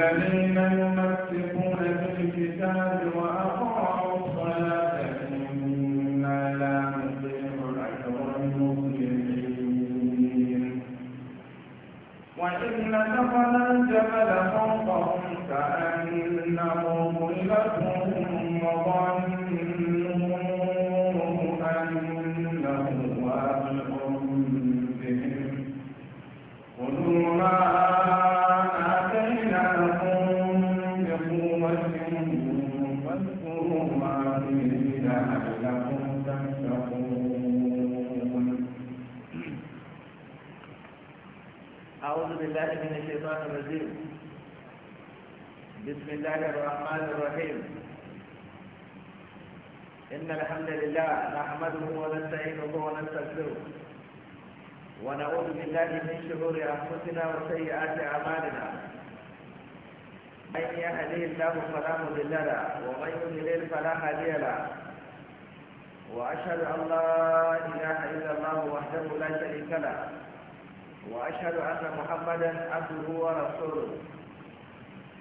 الذين يمسكون بالكتاب وأقاموا الصلاة إنا لا نضيع المسلمين وإن نتقنا الجبل نحمده ونستعينه ونستغفره ونعوذ بالله من شرور انفسنا وسيئات اعمالنا من يهده الله فلا مضل له ومن يضلل فلا هادي له واشهد ان لا اله الا الله وحده لا شريك له واشهد ان محمدا عبده ورسوله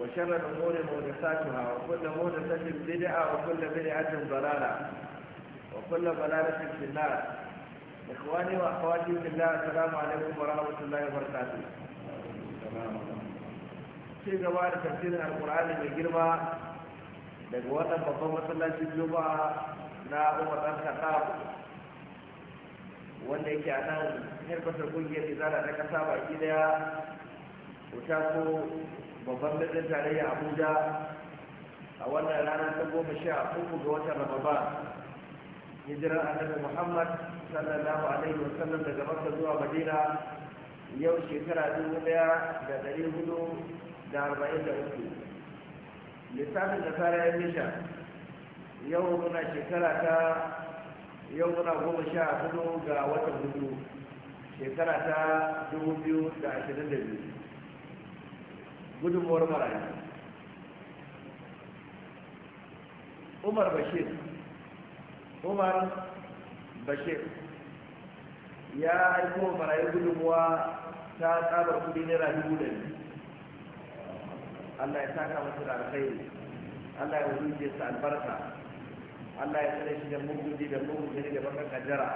وشر الأمور مهدساتها وكل مهدسة بدعة وكل بدعة ضلالة وكل ضلالة في النار إخواني وأخواتي في الله السلام عليكم ورحمة الله وبركاته في جوار تفسير القرآن من جرمى لقوانا مقومة الله في الجمعة na umar ɗan kaɗa wanda yake a nan harkar kungiyar izara na ƙasa baki daya ko babban birnin tarayya abuja a wannan rana ta goma sha uku ga watan ramadan hijirar annabi muhammad sallallahu alaihi wa sallam daga makka zuwa madina yau shekara dubu daya da dari hudu da arba'in da uku lissafin da ya nisha yau muna shekara ta yau muna goma sha hudu ga watan hudu shekara ta dubu biyu da ashirin da biyu gudunmuwar marayu umar bashir umar bashir ya aiko marayu gudunmuwa ta tsabar kudi naira dubu da Allah ya saka masu da alkhairi Allah ya wuce sa albarka Allah ya tsare shi da mugun da mugun da bakar kajara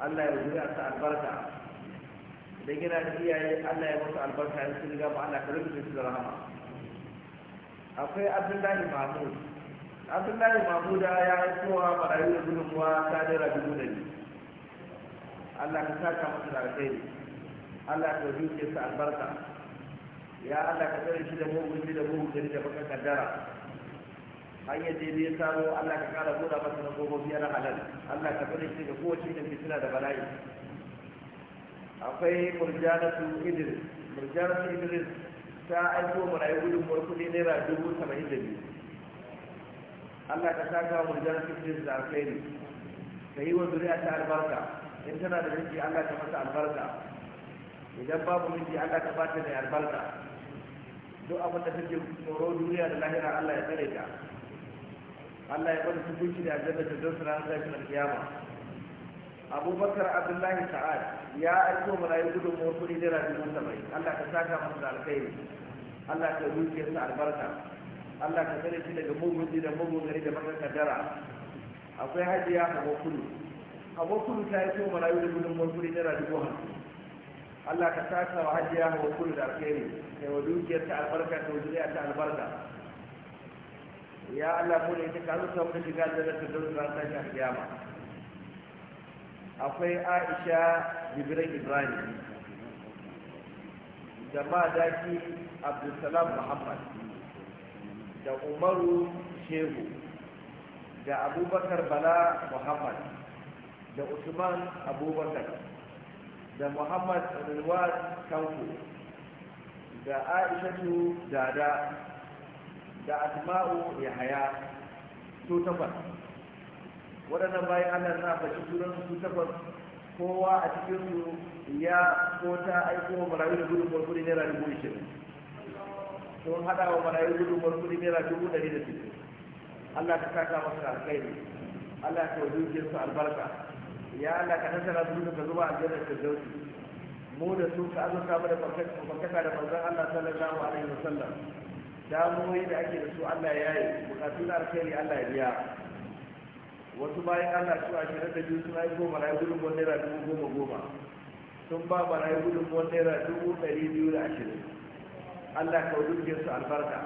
Allah ya wuce sa albarka dan yana da iyaye Allah ya musu albarka ya sun gama Allah ka rubuta su da rahama akwai Abdullahi Mahmud Abdullahi Mahmud ya haifowa marayu da ruwa ta naira dubu da ni Allah ka saka masa da alkhairi Allah ka rubuta su albarka ya Allah ka tsare shi da mugun da mugun da baka kaddara hanyar da ya samo Allah ka kara buɗa masa na gobe biyar halal Allah ka tsare shi da kowace da fitina da bala'i akwai murjanatu idris su idris ta aiko marayu gudunmuwar ne naira dubu saba'in da biyu allah ka saka su idris da alfairi ka yi wa zuriya ta albarka in tana da miji allah ta mata albarka idan babu miji allah ka bata mai albarka duk abin da take tsoro duniya da lahira allah ya tsare ta allah ya bada hukunci da aljanna da don su ranar na alkiyama abubakar abdullahi sa'ad ya aiko marayu gudun motsu hijira dubu saba'in allah ka saka masa da alkhairi allah ka su albarka allah ka tsare shi daga mugun da mugun gari da maka kaddara akwai hajiya habo kudu habo kudu ta yi aiko marayu da gudun motsu da dubu hamsin allah ka saka wa hajiya habo kudu da alkhairi yi wa dukiyarta albarka ka wa zuriyarta albarka ya allah mu ne ka kalu ta wani shiga da zata ta shi a kiyama akwai aisha jibirin ibrahim da madaki abdulsalam muhammad da umaru shehu da abubakar bala muhammad da usman abubakar da muhammad rilwar kanku da aishatu dada da asma'u yahaya su takwas waɗannan bayan allah na faɗi turan su takwas kowa a cikin su ya ko ta aiko marayu da gudun barkudi naira dubu ishirin sun haɗa wa marayu gudun barkudi naira dubu ɗari da sittin allah ta saka masa alkhairi allah ta wajen su albarka ya allah ka nasara su da ka zuba aljannar firdausi mu da su ka azurta mu da farkaka da manzon allah sallallahu alaihi wasallam damuwoyi da ake da su allah ya yi bukatu na alkhairi allah ya biya wasu bayan allah su ashirin da biyu na yi gudun wani naira dubu goma goma sun ba gudun wani naira dubu ɗari biyu da ashirin allah ka wuce su albarka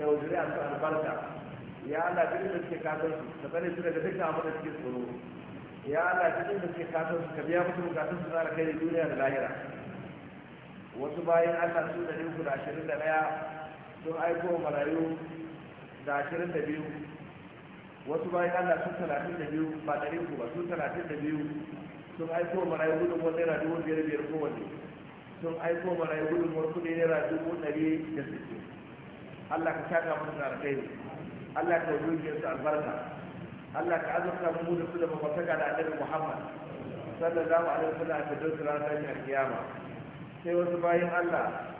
ka wuce su albarka ya allah duk da suke kasar su ka tsare su daga dukkan abin da suke tsoro ya allah duk da suke kasar su ka biya musu bukatun su na kai da duniya da lahira wasu bayan allah su ɗari uku da ashirin da ɗaya sun aiko marayu da ashirin da biyu wasu bayan allah sun talatin da biyu ba ɗari uku ba sun talatin da biyu sun aiko marayu gudun wani naira dubu biyar biyar kowanne sun aiko marayu gudun wani kuɗi naira dubu ɗari da sittin allah ka shaka musu da alkhairi allah ka dukiyar su albarka allah ka azurta mu da su da mafasaka da annabi muhammad sallallahu alaihi wasallam a cikin tabbata ranar a kiyama. sai wasu bayan allah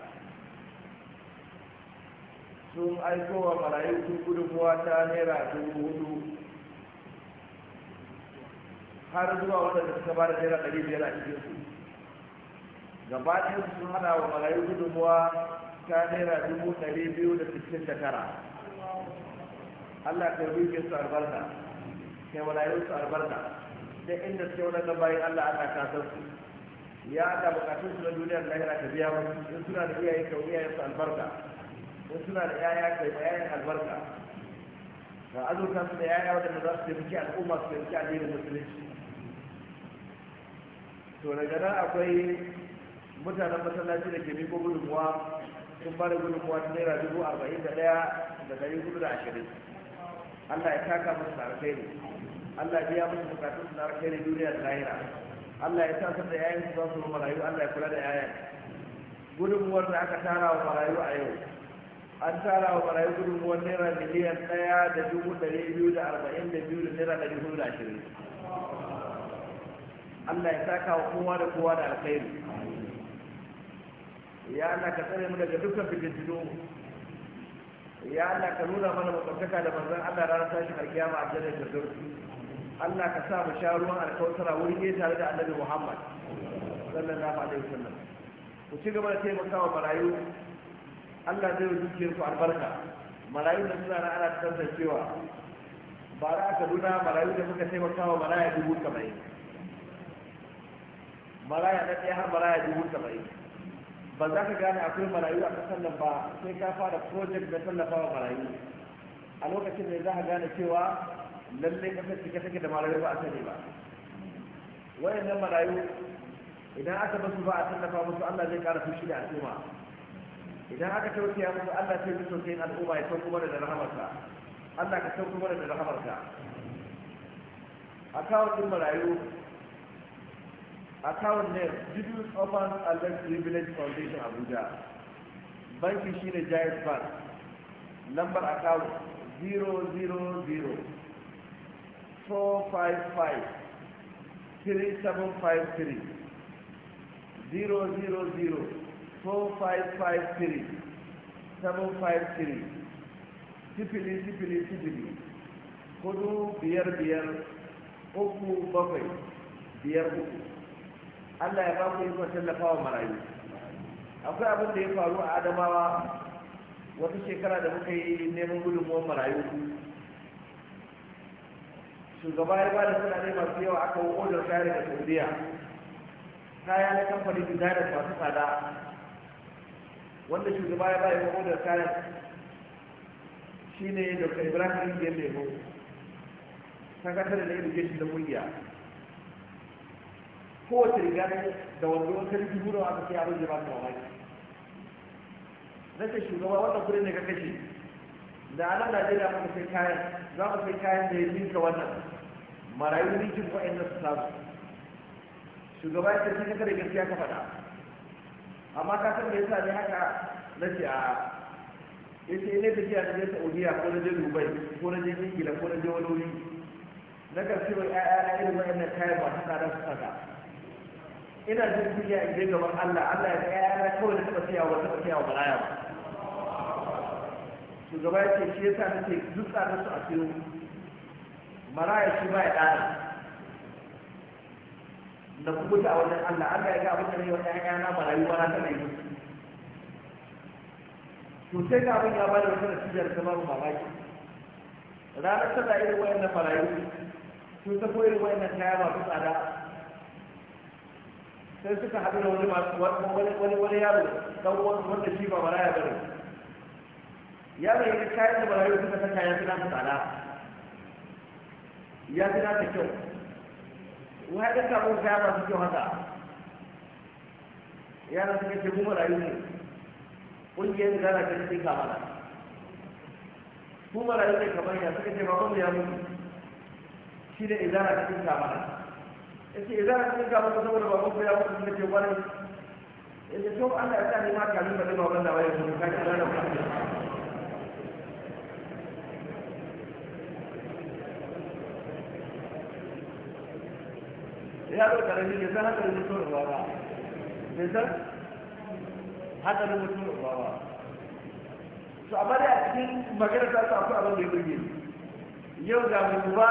sun aiko wa marayu sun gudunmuwa ta naira dubu hudu har zuwa waɗanda suka ba da naira ɗari biyar a cikin su gaba sun hana wa marayu gudunmuwa ta naira dubu ɗari biyu da sittin da tara allah ka rufe su albarka kai marayu su albarka da inda suke gaba bayan allah ana kasar su ya ta bukatun su na duniyar lahira ta biya musu in suna da iyayen kawai iyayen su albarka in suna da yaya kai ma yayan albarka ga azurkan su da yaya wadanda za su taimaki al'umma su taimaki addinin musulunci to daga nan akwai mutanen masallaci da ke miko gudunmuwa sun ba da gudunmuwa ta naira dubu arba'in da ɗaya da ɗari hudu da ashirin allah ya taka musu kai ne. allah ya biya musu bukatun su kai ne duniya da lahira allah ya sa da yayan su za su marayu allah ya kula da yayan gudunmuwar da aka tara wa marayu a yau an tara wa marayu gudunmuwar naira miliyan ɗaya da dubu ɗari biyu da arba'in da biyu da naira dari hudu da ashirin allah ya saka wa kowa da kowa da alkhairi ya allah ka tsare mu daga dukkan fitintinu ya allah ka nuna mana mutuntaka da manzon allah ranar tashin alkiyama a jannar da allah ka sa mu sha ruwan alkawtara wuri ne tare da annabi muhammad sallallahu alaihi wasallam ku ci gaba da wa marayu Allah zai dukiyar ku albarka malayu da suna ana cewa ba za ka duna malayu da muka taimaka wa maraya dubu saba'in maraya na ɗaya har maraya dubu saba'in ba za ka gane akwai marayu a ƙasar nan ba sai ka fara project da tallafa wa marayu a lokacin da za ka gane cewa ka ƙasar cike take da marayu ba a sani ba wayannan marayu idan aka basu ba a tallafa musu Allah zai ƙara fushi da al'umma idan aka tausaya musu Allah sai ji tausayin al'umma ya sauko mana da rahamarsa Allah ka sauko mana da a akawun din marayu akawun ne Jubilee Open Allah Privilege Foundation Abuja banki shine Giant Bank lambar akawun 000 000 4553 753 sifili hudu biyar biyar uku bakwai biyar uku allah ya baku yi tallafa wa marayu akwai abin da ya faru a adamawa wata shekara da muka yi neman gudunmuwan marayu shugaba ya ba da kudade masu yawa aka wuko da kaya da saudiya kaya na kamfanin designer masu tsada wanda shugaba ya bayi wa kayan shi ne dr ibrahim indiyan lemo kasar da education da kungiya kowace riga da wanda wani karfi hudu aka sai abin da ba ta mamaki na ce shugaba wannan kudin ne ka kashe da a nan najeriya muka sai kayan za mu sai kayan da ya ninka wannan marayu rikin wa'annan su samu shugaba ya ce sai ka da gaskiya ka faɗa amma ka san me yasa ne haka nace a yace ne tafiya a cikin Saudiya ko na je Dubai ko na je Ingila ko na je wani wuri na karfi bai 'ya'ya na irin wa'annan kayan masu tsada su saka ina jin kunya in je gaban Allah Allah ya ga ayya na kawai da taba tiyawa taba tiyawa ba raya ba shugaba ya ce shi yasa nake duk tsadar su a siyo maraya shi ba ya ɗana na kubuta a wajen Allah an ga ga abin da ne wa ya na marayu ba na ta mai to sai ga abin ya bada wata nasijar ta babu mamaki ranar tana irin wayannan marayu sun ta wayan wayannan kaya masu tsada sai suka haɗu da wani masu wani wani yaro dan wanda shi ba baraya bane yaro ya kayan da marayu suka saka ya fi nasu tsada ya fi ta kyau in har ka samu kaya masu kyau haka yara suka ce mu marayu ne ƙungiyar gana ta cikin kamana mu marayu ne kamar ya suka ce babanmu ya mutu shi ne izara cikin kamana ya ce izara ta cikin kamana saboda babanmu ya mutu suka ce wani ya ce to Allah ya sa ni ma da wani ya zo ka da wani yaro karami bai san hadarin da ruwa ba bai san hadarin da ruwa ba to amma dai a cikin magana ta su akwai abin da ya burge yau ga mai uba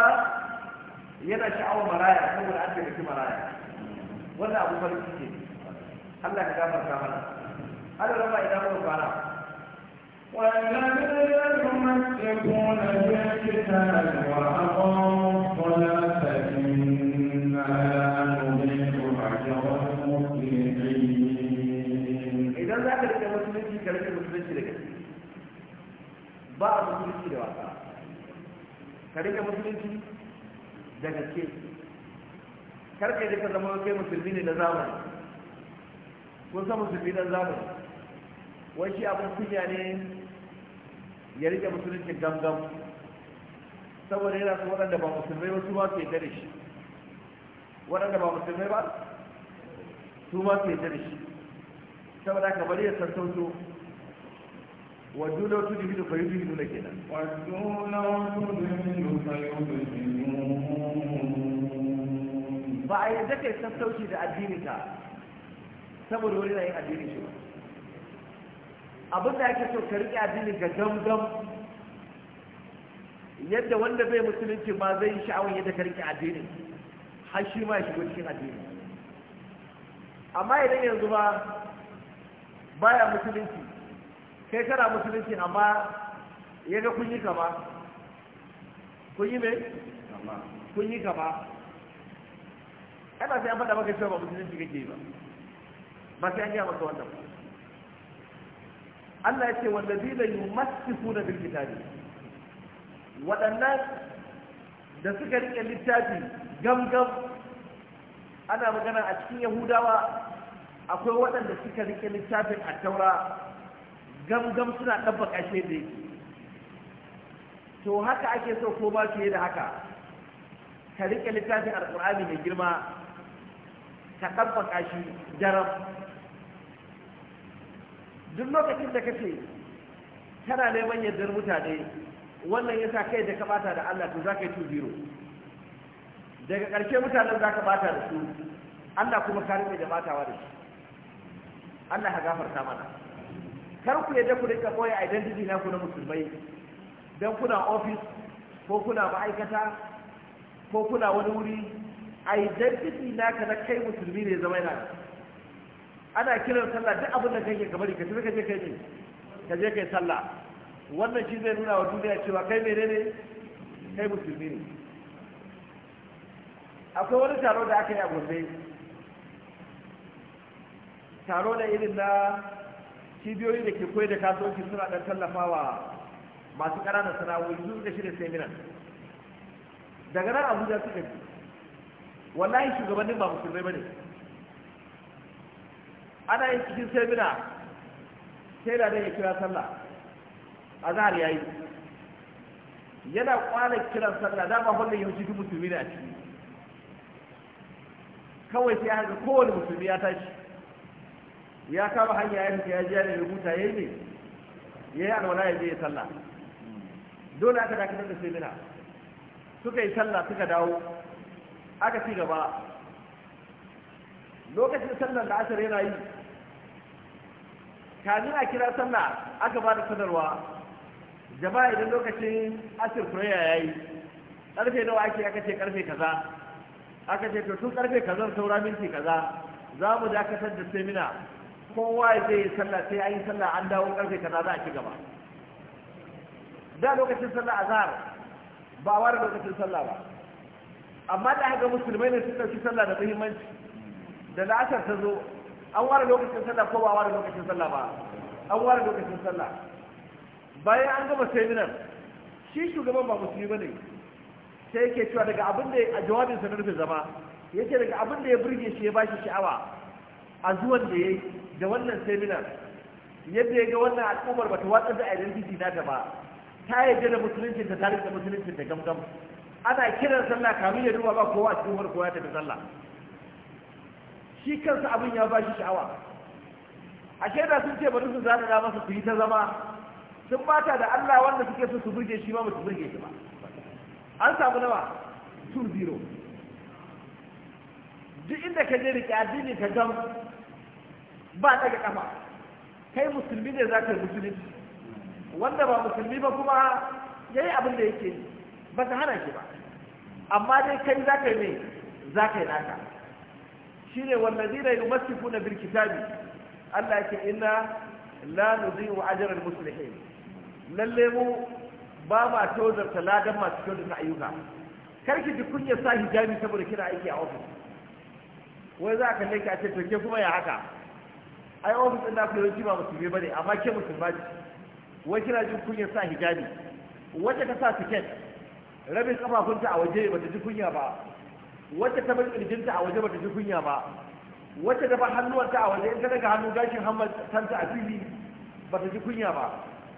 yana sha'awar maraya saboda an taimaki maraya wannan abu farin ciki ne Allah ka mana idan mun fara ba a musulunci da wasa ka rike musulunci da gaske karka yi ka zama kai musulmi ne na zamani kun san musulmi na zamani wai shi abin kunya ne ya rike musulunci gangan saboda yana su waɗanda ba musulmai wasu ba su yadda da shi waɗanda ba musulmai ba su ma su yi da shi saboda ka bari ya san sauto da law tudhinu fayudhinuna kenan waddu law tudhinu fayudhinun ba a yadda yi sassauci da addininka saboda wani na yin addinin shi ba abin da ake so ka riƙe addinin ga gamgam yadda wanda bai musulunci ma zai yi sha'awar yadda ka riƙe addinin har shi ma ya shigo cikin addini amma idan yanzu ba baya musulunci kai kana musulunci amma ya ga kun yi kama kun yi mai kun yi kama ana sai an fada maka cewa ba musulunci kake ba ba sai an yi maka wannan Allah ya ce wallazi da yi masifu da ne, waɗannan da suka riƙe littafi gamgam ana magana a cikin yahudawa akwai waɗanda suka riƙe littafin a taura gamgam suna ɗabba ƙashe da yake to haka ake so ko ba fiye da haka ka riƙe littafin alƙur'ani mai girma ka ɗabba ƙashi daram duk lokacin da kace tana neman yardar mutane wannan ya sa kai da ka bata da Allah to za ka yi tu biro daga ƙarshe mutanen za ka bata da su Allah kuma ka rike da batawa da shi Allah ya gafarta mana kar ku yadda ku rika boye identity na ku na musulmai dan kuna office ko kuna ma'aikata ko kuna wani wuri identity ka na kai musulmi ne zama yana ana kiran sallah duk abin da kake kamar ka tafi je kai ka je kai sallah wannan shi zai nuna wa duniya cewa kai menene kai musulmi ne akwai wani taro da aka yi a gombe taro na irin na cibiyoyi da ke koyar da kasuwanci suna ɗan tallafawa masu ƙananan sana'o'i zuwa da da seminar daga nan abuja suka ji wallahi shugabannin ba musulmai ba ne ana yin cikin semina sai da ya kira sallah zahar ya yi yana kwana kiran sallah dama wannan yau cikin musulmi ne a ciki kawai sai haka kowane musulmi ya tashi ya kama hanya ya fita ya ji yana rubuta ya yi ne ya yi alwala ya je ya sallah dole aka dakatar da sai mina suka yi sallah suka dawo aka ci gaba lokacin sallar da asar yana yi kamin a kira sallah aka ba da sanarwa jama'a idan lokacin asir prayer ya yi karfe nawa ake aka ce karfe kaza aka ce to tun karfe kaza saura minti kaza za mu dakatar da semina kowa ya yi sallah sai an yi sallah an dawo karfe kaza za a ci gaba da lokacin sallah azhar ba ware lokacin sallah ba amma da haka musulmai ne suka ci sallah da muhimmanci da la'asar ta zo an ware lokacin sallah ko ba ware lokacin sallah ba an ware lokacin sallah bayan an gama seminar shi shugaban ba musulmi ba ne sai yake cewa daga abin da a jawabinsa na rufe zama yake daga abin da ya burge shi ya bashi sha'awa a zuwan da ya yi da wannan seminar yadda ya ga wannan al'ummar ba ta watsar da identity na gaba ta yadda da musulunci da tarihi da musulunci da gamgam ana kiran sallah kamin ya duba ba kowa a cikin wani kowa ta sallah shi kansa abin ya ba shi sha'awa a shaida sun ce bari su zana masa su yi ta zama sun bata da Allah wanda suke so su burge shi ma ba su burge shi ba an samu nawa 2-0 duk inda ka je rike addini ka gam ba daga kafa kai musulmi ne za ka yi wanda ba musulmi ba kuma ya yi abin da yake ba ta hana shi ba amma dai kai za ka yi ne za ka yi naka shi ne wanda zina yi masifu na birkitabi Allah ke inna la wa ajiyar musulmi lalle mu ba ma tozarta ladan masu kyau da ayyuka karki ji kunya sa hijabi saboda kina aiki a ofis wai za ka kalle ka ce to ke kuma ya haka ai ofis din naku yawanci ba musulmi bane amma ke musulma ce wai kina jin kunya sa hijabi wacce ta sa tiket rabin kafafunta a waje bata ji kunya ba wacce ta bar kirjinta a waje bata ji kunya ba wacce ta bar hannuwanta a waje in ta daga hannu gashin hammar tanta a fili bata ji kunya ba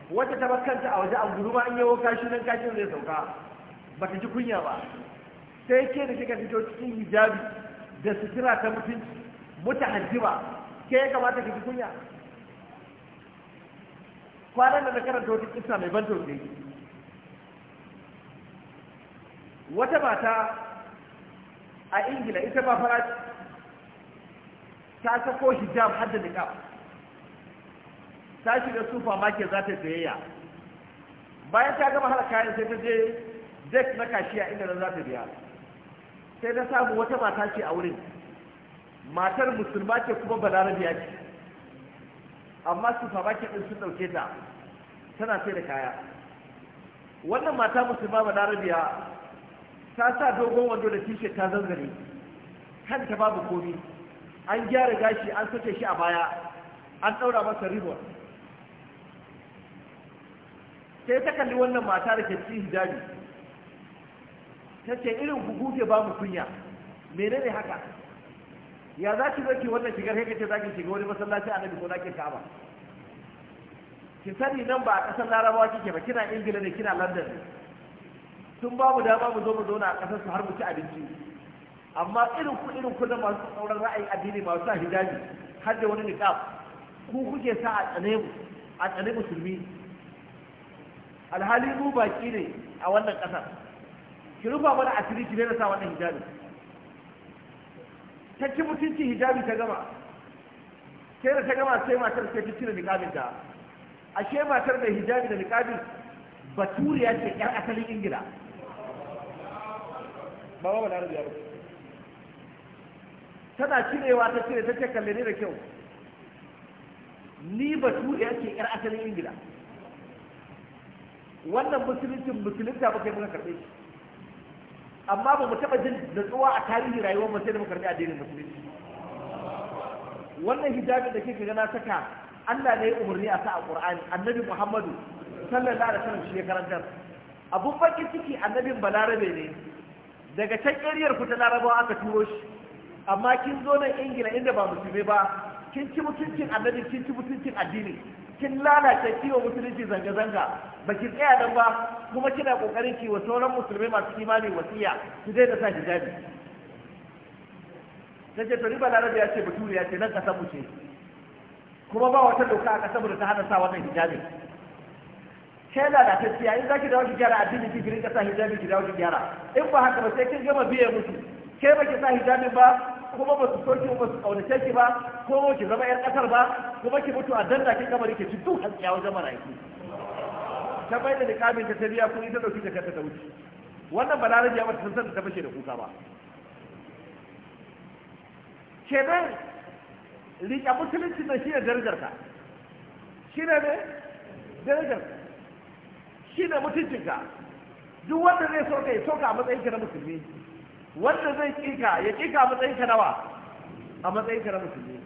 wacce ta bar kanta a waje a guruma an yawo kashi nan kashin zai sauka bata ji kunya ba sai ke da kika fito cikin hijabi da sutura ta mutunci mutahajjiba ke ya kamata ka ji kunya kwanan da na karanta wata kisa mai ban tausayi wata mata a ingila ita ba fara ta sako hijab da niqab ta shiga supermarket za zata sayayya bayan ta gama har kayan sai ta je dek na kashiya inda za ta biya sai na samu wata mata ce a wurin matar musulma ce kuma balarabiya ce amma su ɗin sun ɗauke ta tana sai da kaya wannan mata musulma balarabiya ta sa dogon wando da tushe ta zanzare ta babu komi an gyara gashi an sace shi a baya an ɗaura masa ribon sai ta kalli wannan mata da ke cikin hijabi ta ce irin ku kuke ba mu kunya menene haka ya za ki zaki wannan shigar kai kace zaki shiga wani masallaci a annabi ko zaki ka'aba ki sani nan ba a ƙasar larabawa kike ba kina ingila ne kina london ne tun ba mu dama mu zo mu zauna a ƙasar su har mu ci abinci amma irin ku irin ku na masu tsauran ra'ayi addini masu sa hijabi har da wani niqab ku kuke sa a tsane mu a tsane musulmi alhali mu baki ne a wannan ƙasar ki rufa mana asiri ki daina sa wannan hijabi ta ci mutunci hijabi ta gama sai da ta gama sai matar sai ta cire niqabin ta ashe matar da hijabi da niqabin baturiya ce yar asalin ingila ba ba balarabi ba tana cirewa ta cire ta ce kalle ne da kyau ni baturiya ce yar asalin ingila wannan musuluncin musulunta ba kai muka karɓe shi amma ba mu taɓa jin natsuwa a tarihi rayuwar mu sai da muka addinin musulunci wannan hijabi da kike gana saka Allah ne ya umarni a sa a Qur'ani annabi Muhammadu sallallahu alaihi wasallam shi ya karantar abun Bakar ciki annabin balarabe ne daga can ƙaryar ku ta larabawa aka turo shi amma kin zo nan ingila inda ba musulmi ba kin ci mutuncin annabi kin ci mutuncin addini kin lalace kiwo musulunci zanga-zanga ba ki tsaya nan ba kuma kina kokarin ki wa sauran musulmai masu imani wasiya su daina sa hijabi sai ce tori balarabe ya ce bature ya ce nan kasar mu ce kuma ba wata doka a kasar mu da ta hana sa wannan hijabi ke tafiya in za ki dawo ki gyara addini ki girin kasa hijabi ki dawo ki gyara in ba haka ba sai kin gama biye musu ke ba ki sa hijabi ba kuma ba su so ki ba su kaunace ki ba ko ki zama yar kasar ba kuma ki mutu a danda ki kamar ki ci duk hakiya wajen maraki ta bai da likamin ta biya kun ita dauki jakarta ta wuce wannan balarabi ya mata san ta fashe da kuka ba kenan riƙa musulunci da shi ne darajarka shi ne ne darajar, shi ne mutuncinka duk wanda zai so ka yi so ka a matsayinka na musulmi wanda zai kika ya kika matsayin ka nawa a matsayin ka na musulmi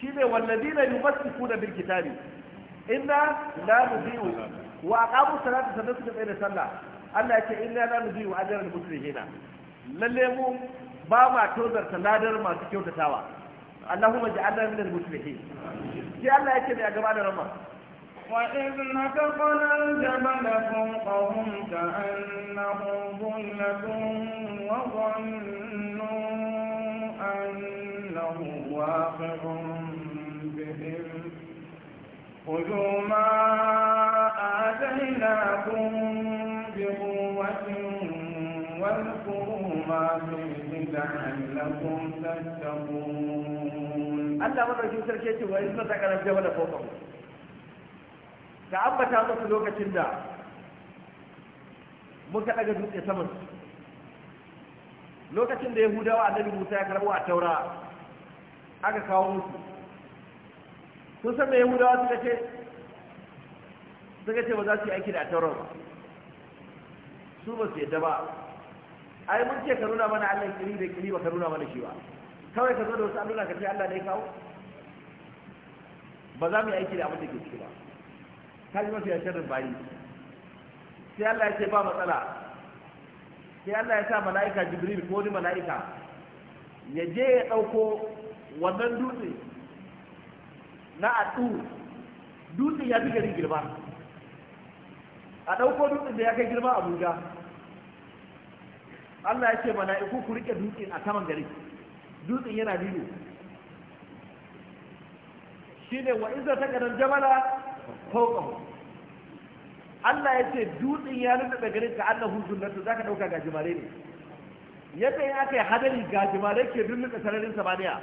shi ne wallazi na yumassiku da bil kitabi inna la nudiyu wa aqamu salata sannan suka tsaye da sallah Allah ya ce inna la nudiyu ajran muslimina lalle mu ba ma tozarta ladar masu kyautatawa Allahumma ja'alna minal muslimin sai Allah ya ce ne a gaba da rama وإذ نتقنا الجبل فوقهم كأنه ظلة وظنوا أنه واقع بهم خذوا ما آتيناكم بقوة واذكروا ما فيه لعلكم تتقون. أنت أمر الجسر كيف وإذ نتقنا الجبل فوقهم ka ambata musu lokacin da muka daga dutse saman lokacin da yahudawa annabi musa ya karbo a taura aka kawo musu sun san da yahudawa suka ce suka ce ba za su yi aiki da taurar ba su ba su yadda ba ai mun ce ka nuna mana allah kiri da kiri ba ka nuna mana shi ba kawai ka zo da wasu alluna ka ce allah ne kawo ba za mu yi aiki da abin da ke ciki ba ka ji mafi yasharin bayi sai Allah ya ce ba matsala sai Allah ya sa mala'ika jibril ko wani mala'ika ya je ya ɗauko wannan dutse na atu dutse ya fi gari girma a ɗauko dutse da ya kai girma abuja Allah ya ce mala'iku ku riƙe dutse a saman gari dutsen yana dido shine wa iza takadan jamala Allah ya ce dutsen ya nuna da garin ka annahu zunnatu zaka dauka gajimare ne yadda in aka yi hadari gajimare ke dunnuka sararin samaniya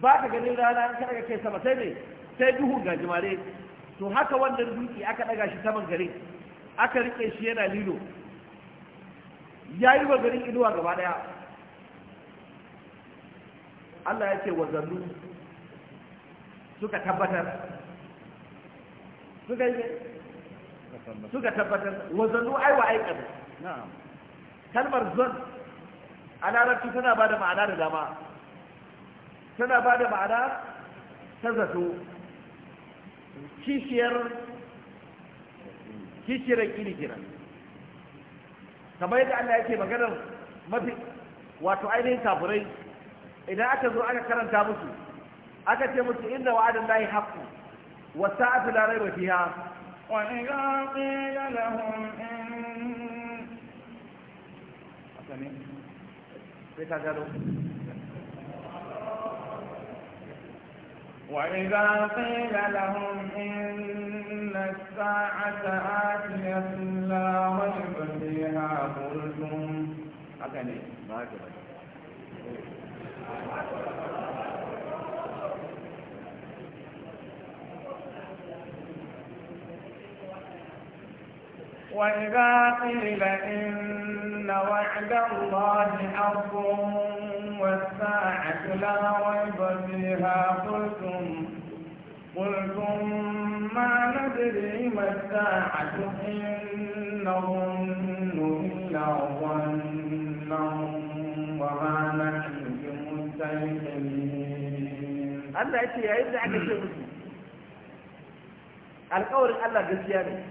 ba ka ganin rana ka kai sama sai ne sai duhu gajimare to haka wannan dutse aka ɗaga shi saman garin aka rike shi yana lilo ya yi wa garin inuwa gaba daya Allah ya ce wa suka tabbatar suka yi suka tabbatar wazanu ai wa aikar kalmar zan a larabci tana ba da ma'ana da dama tana ba da ma'ana ta zato kishiyar kishiyar ƙiri kamar yadda Allah yake maganar mafi wato ainihin kafurai, idan aka zo aka karanta musu aka ce musu inda wa'adan lahi haqqu والساعة لا غير فيها وإذا قيل لهم إن وإذا قيل لهم إن الساعة آتية لا ريب فيها قلتم أتني ما أتني وإذا قيل إن وعد الله حق والساعة لا ريب فيها قلتم قلتم ما ندري ما الساعة إن نظن إلا ظنا وما نحن بمستيقنين الله يتي يا ابن عبد القول الله قلت يا يعني.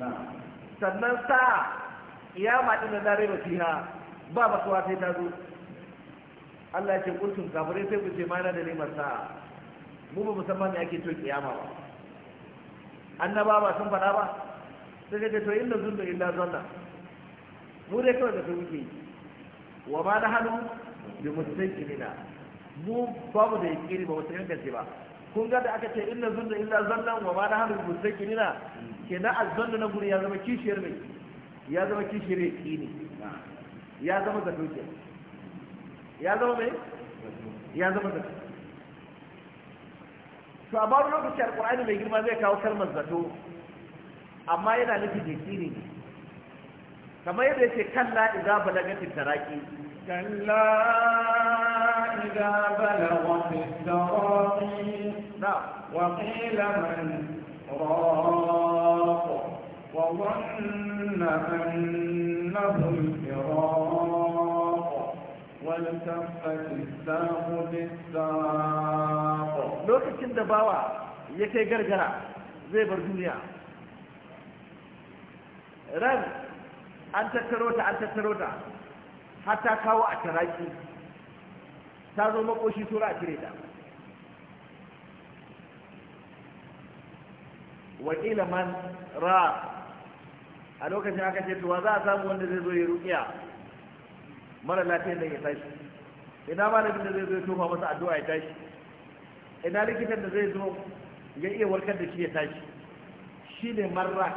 نعم sannan sa ya din da zare ba fiha ba ba kuwa sai ta zo Allah ce kuntum kafirai sai ku ce mana da neman sa mu ba musamman ne ake to kiyama ba annaba ba sun faɗa ba sai ka ce to inda da inda zanna mu dai kawai da su muke wa ma na hannu Da bi mustaqilina mu babu da kiri ba mu san ba kun ga da aka ce inna zunna illa zannan wa ma na hannun mustaqilina kenan azzannu na guri ya zama kishiyar ne ya zama kishiyar ne. ya zama zato ke ya zama me, ya zama zato to a babu lokaci alqur'ani mai girma zai kawo kalmar zato amma yana nufi da ne kamar yadda yake kalla idza balagatit taraqi kalla idza balagatit taraqi وقيل من راق وظن أنه الفراق والتفت الساق بالساق لو تكن دباوة يكي قرقرة زي بردوليا رب أنت تروت أنت تروت حتى كواك رايكي تازو مقوشي سورة تريدها wakila man ra a lokacin aka ce tuwa za a samu wanda zai zo ya rukiya mara lafiyar da ya tashi ina malamin da zai zo ya tofa masa addu'a ya tashi ina likitan da zai zo ya iya warkar da shi ya tashi shi ne marra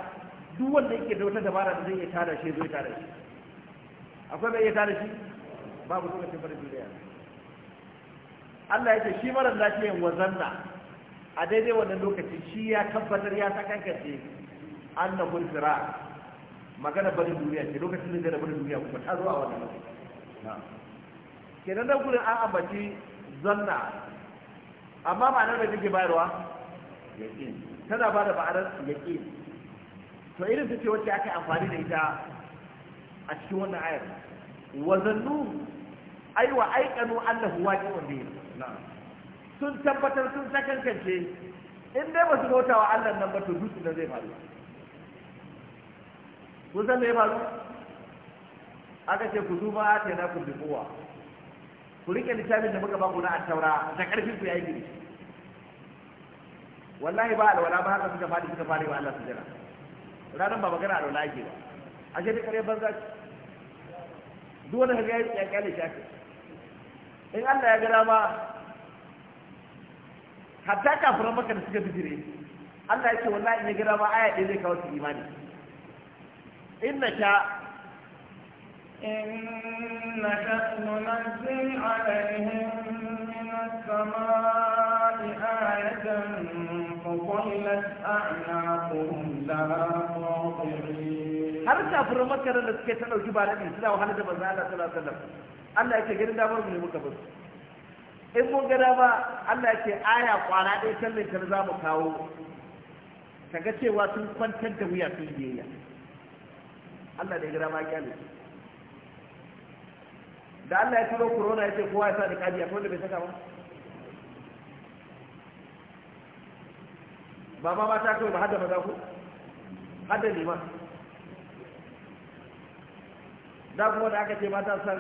duk wanda yake da wata dabara da zai iya tada shi zai tara shi akwai mai iya tara shi babu lokacin farin duniya Allah ya ce shi mara lafiyan wazanna a daidai wannan lokaci shi ya tabbatar ya ta kankace annabun zira magana barin duniya ce lokacin da da barin duniya kuma ta zo a wannan lokacin Ke nan gudun an ambaci zanna amma ma'anar da take bayarwa yaqin ba da ma'anar yaqin to irin su ce wacce aka amfani da ita a cikin wannan ayar wazannu aiwa aikanu annahu waqi'un bihi na'am sun tabbatar sun sakankance in dai ba su bauta wa Allah nan ba to dutse da zai faru kun san me ya faru aka ce ku duba ta na ku dubuwa ku rike littafin da muka ba ku na attaura da karfin ku yayi gidi wallahi ba alwala ba haka suka fadi suka fadi wa Allah su jira ranar ba magana alwala yake ba ce da kare banza duk wani haka ya kyale shi in Allah ya ga ma. hatta kafiran maka da suka bijire Allah yake wallahi in ya gida ma aya ɗaya zai kawo su imani innaka innaka nunazzil alaihim min as-samaa'i ayatan fa qullat a'naquhum laha qa'imin har kafiran maka da suka ta dauki ba da suna wahala da manzo Allah sallallahu alaihi wasallam Allah ya ce gidan damar mu ne muka bar in mun gada ba Allah ke aya kwana ɗaya tallintar za mu kawo ka ga cewa sun kwantar da wuya sun biyayya Allah da ya gada ma kyale da Allah ya turo corona ya ce kowa ya sa da kaji akwai wanda bai saka ba ba ma ta kawai ba hada maza ku hada liman da kuma da aka ce mata san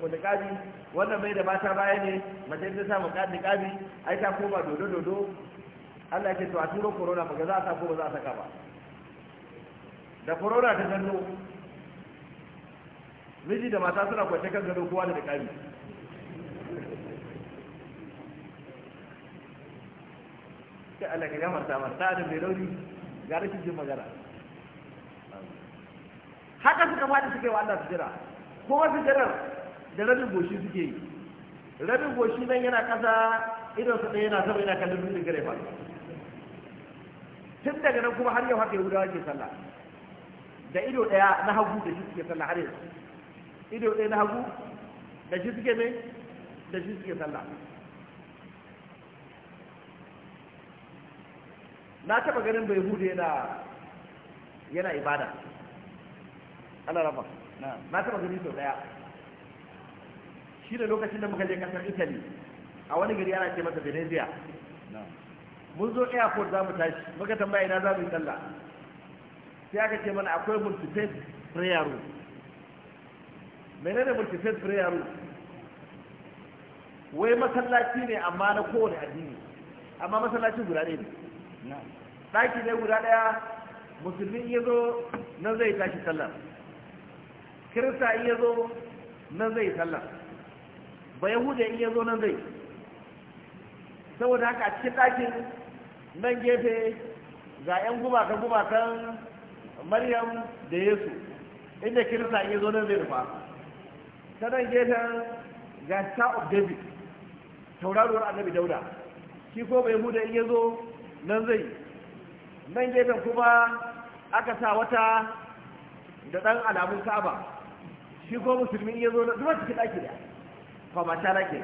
mutukabi wannan bai da mata baya ne mace ta sa mutukabi ai ta koma dodo dodo Allah ya ce to a turo corona ba za ta koma za ta kaba da corona ta gano miji da mata suna kwace kan gado kowa da mutukabi sai Allah ya gama ta masa da mai rauni ga rikin magana haka suka faɗi suke wa Allah sujada kuma sujadar da rabin goshi suke yi rabin goshi nan yana kasa idan su ɗaya yana sama yana kallon dutsen gare fa tun daga nan kuma har yau haka yahudawa ke sallah da ido ɗaya na hagu da shi suke sallah har yanzu ido ɗaya na hagu da shi suke mai da shi suke sallah na taɓa ganin bai hude yana ibada ana rafa na taba gani sau daya shi da lokacin da muka je kasar italy a wani gari ana ce masa venezia mun zo airport za mu tashi muka tambaya ina za mu yi sallah sai aka ce mana akwai multi-faith prayer room menene multi-faith prayer room wai masallaci ne amma na kowane addini amma masallaci guda ɗaya ne ɗaki ne guda ɗaya musulmi iya zo nan zai tashi sallah kirista in ya zo nan zai sallah ba yahuda in ya zo nan zai saboda haka a cikin ɗakin nan gefe ga 'yan gumakan gumakan maryam da yesu inda kirista in ya zo nan zai rufa ta nan gefen ga star of david tauraruwar annabi dauda shi ko ba yahuda in ya zo nan zai nan gefen kuma aka sa wata da ɗan alamun saba. shi ko musulmi ya zo na duk cikin ɗaki da ba ba na ke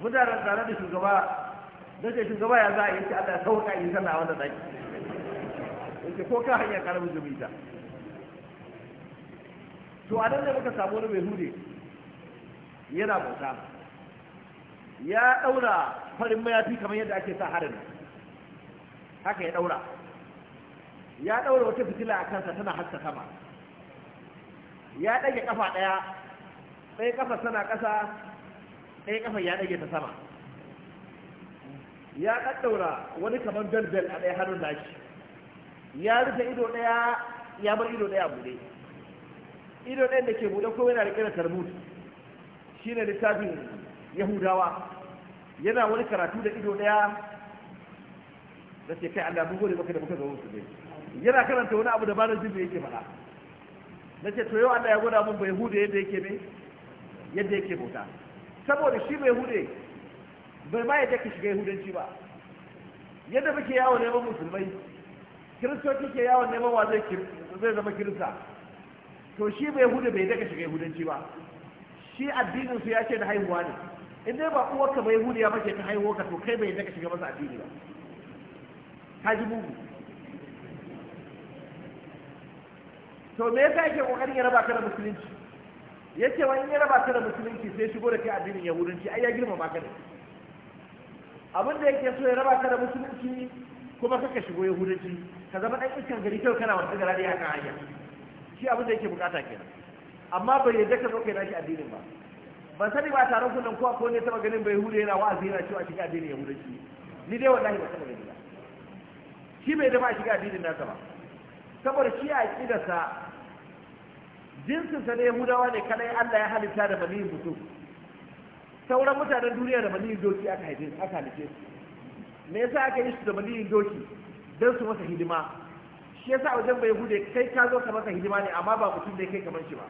mutanen tare da shugaba don ce shugaba ya za a yi Allah ya sauka yi sallah wanda wannan ɗaki yake ko ka hanyar karamin jumita to a nan ne muka samu wani mai hude yana bauta ya ɗaura farin mayafi kamar yadda ake sa harin haka ya ɗaura ya ɗaura wata fitila a kansa tana haska sama ya ɗage ƙafa ɗaya ɗaya ƙafa tana ƙasa ɗaya ƙafa ya ɗage ta sama ya ƙaddaura wani kamar dalbel a ɗaya hannun nashi ya rufe ido ɗaya ya bar ido ɗaya buɗe ido ɗayan da ke buɗe ko yana riƙe da tarbut shi ne littafin yahudawa yana wani karatu da ido ɗaya da ke kai allah mun gode maka da muka zo su ne yana karanta wani abu da ba da jin da yake faɗa na ce to yau Allah ya gwada mun bai hude yadda yake ne yadda yake bauta saboda shi bai hude bai ma yadda ka shiga yahudanci ba yadda muke yawon neman musulmai kiristoci ke yawon neman wa zai zama kirista to shi bai hude bai daga shiga yahudanci ba shi addinin su ya ce da haihuwa ne in dai ba uwarka bai hude ya mace ta haihuwa ka to kai bai daga shiga masa addini ba ka ji mugu to me yasa yake kokarin ya raba ka da musulunci yace wani ya raba ka da musulunci sai shigo da kai addinin yahudanci ai ya ba ka ne abin da yake so ya raba ka da musulunci kuma kaka shigo yahudanci ka zama dan iskan gari kawai kana wata gara da ya kan hanya shi abin da yake bukata kenan amma bai yadda ka zo kai nashi addinin ba ban sani ba taron kunan ko akwai ne taba ganin bai hude yana wa'azi yana cewa shiga addinin yahudanci ni dai wallahi ba taba gani ba shi bai da ba shiga addinin nasa ba saboda shi a aqidarsa jinsinsa ne yahudawa ne kadai allah ya halitta da bani mutum sauran mutanen duniya da maniyin doki aka haife aka halice su me yasa aka yi su da bani doki don su masa hidima shi yasa wajen bai hude kai ka zo ka masa hidima ne amma ba mutum da kai kamar shi ba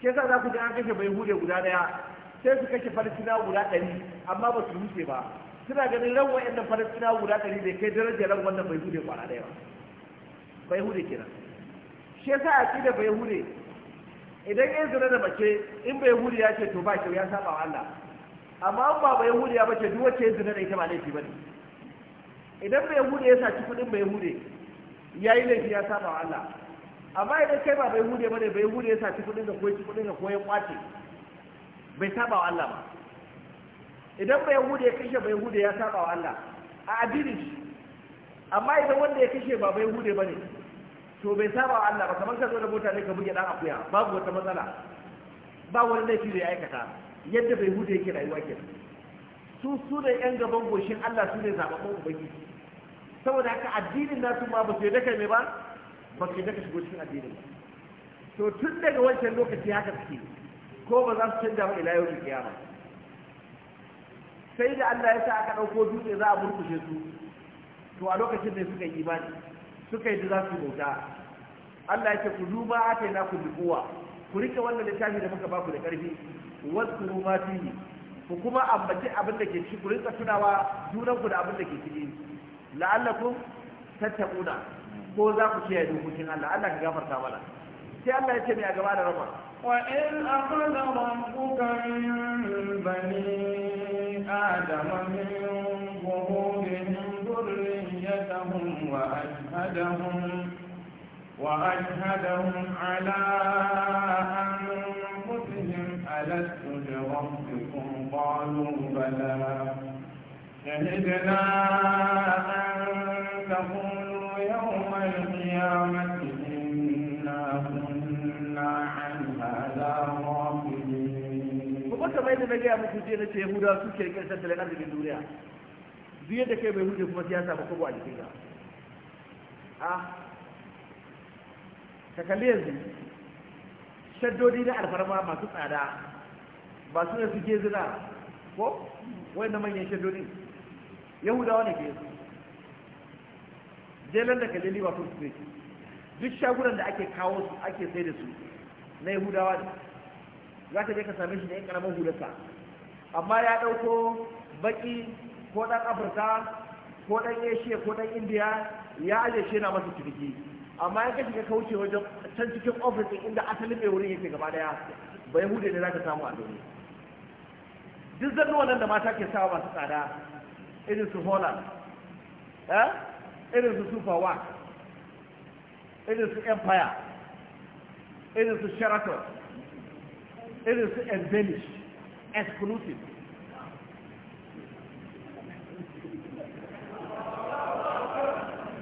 shi yasa za ku ji an kashe bai hude guda daya sai su kashe falastina guda ɗari amma ba su wuce ba suna ganin ran wa'annan falastina guda ɗari bai kai darajar ran wannan bai hude kwana ɗaya ba bai hude kenan shi yasa a ƙi da bai hude idan ya zina da mace in bai yahudi ya ce to ba kyau ya saba wa Allah amma an ba bai yahudi ya bace duk wacce ya zina da ita ba laifi bane idan bai yahudi ya saci kudin bai yahudi ya yi laifi ya saba wa Allah amma idan kai ba bai ba ne bai yahudi ya saci kudin da ko ya kudin da ko kwace bai saba wa Allah ba idan bai yahudi ya kashe bai yahudi ya saba wa Allah a addinin amma idan wanda ya kashe ba bai ba ne. to bai saba Allah ba kamar ka zo da mota ne ka buge dan akuya babu wata matsala ba wani laifi da ya aikata yadda bai huta yake rayuwa ke su su da yan gaban goshin Allah su ne zababban ubangiji saboda haka addinin nasu ma ba su yadda kai mai ba ba su yadda ka shigo cikin addinin to tun daga wancan lokaci haka suke ko ba za su canja ba ila yau kiyama sai da Allah ya sa aka ɗauko dutse za a burkushe su to a lokacin ne suka yi imani suka yi za su bauta Allah ya ce ku duba haka na ku dubuwa ku rike wannan littafi da muka baku da ƙarfi, wasu ma fihi ku kuma ambaci abin da ke ciki ku rinka tunawa junan da abin da ke ciki la'allakum tattaquna ko za ku kiyaye dokokin Allah Allah ka gafarta mana sai Allah ya ce mai a gaba da rama وإن أخذ ربك من بني آدم من وأشهدهم وأشهدهم على أنفسهم ألست بربكم قالوا بلى شهدنا أن تقولوا يوم القيامة إنا كنا عن هذا غافلين. وبكما إذا ما جاء مسجدين يهودا سكر كأسة لنا في الدنيا. biyar da kai bai huce kuma siyasa ba kogo a jikin ka a ta kalli yanzu shaddodi na alfarma masu tsada ba su ne suke zina ko wani na manyan shaddodi yahudawa ne ke su jelan da kalli liverpool street duk shagunan da ake kawo su ake sai da su na yahudawa ne za ka je ka same shi da yan karamin hulasa amma ya ɗauko baki ko ɗan afirka ko ɗan asia ko ɗan indiya ya aje shi yana masa ciniki amma ya kashi ka kauce wajen can cikin ofis inda asalin mai wurin yake gaba daya ba yahude ne ka samu a dole duk zannuwa nan da mata ke sawa masu tsada irin su holland eh irin su super wax irin su empire irin su sheraton irin su embellish exclusive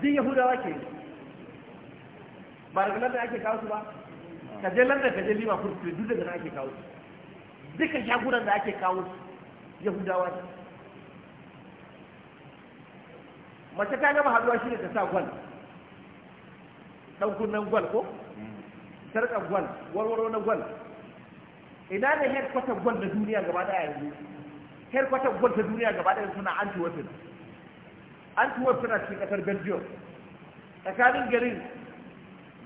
din yahudawa ke ba daga london ake kawo su ba ka je london ka je lima liverpool duk daga nan ake kawo su dukkan shagunan da ake kawo su yahudawa ne mace ta gama haduwa shi ne ta sa gwal ɗan kunnen gwal ko sarƙar gwal warwaro na gwal ina ne headquarter gwal na duniya gaba ɗaya yanzu headquarter gwal ta duniya gaba ɗaya suna anti-weapon antwerp suna cikin kasar belgium tsakanin garin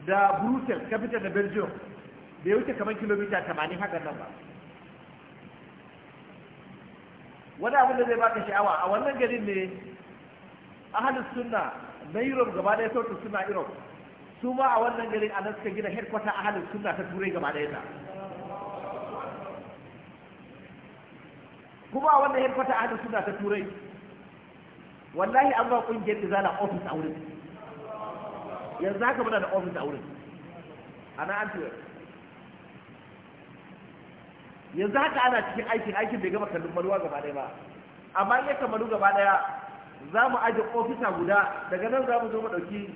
da brussels capital da belgium bai wuce kamar kilomita 80 haka nan ba wani abin da zai baka sha'awa a wannan garin ne ahalin suna na europe gaba daya sautin suna europe su ma a wannan garin a nan suka gina headquarter ahalin suna ta turai gaba daya ta kuma a wannan headquarter ahalin suna ta turai wallahi an ba kungiyar izala ofis a wurin yanzu haka muna da ofis a wurin a na antwerp yanzu haka ana cikin aikin aikin bai gama kallon maruwa gaba ɗaya ba amma in ya kamalu gaba ɗaya za mu aje ofisa guda daga nan za mu zo mu ɗauki